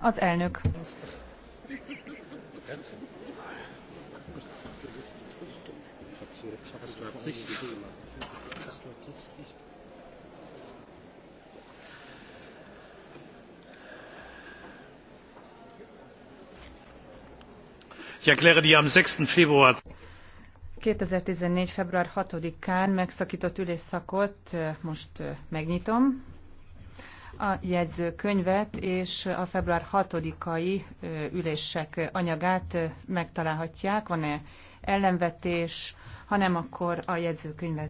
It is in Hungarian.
Az elnök. Ich erkläre die am 6. Februar 2014. február 6-án megszakított ülésszakot eh, most eh, megnyitom a jegyzőkönyvet és a február 6-ai ülések anyagát megtalálhatják. Van-e ellenvetés, hanem akkor a jegyzőkönyvet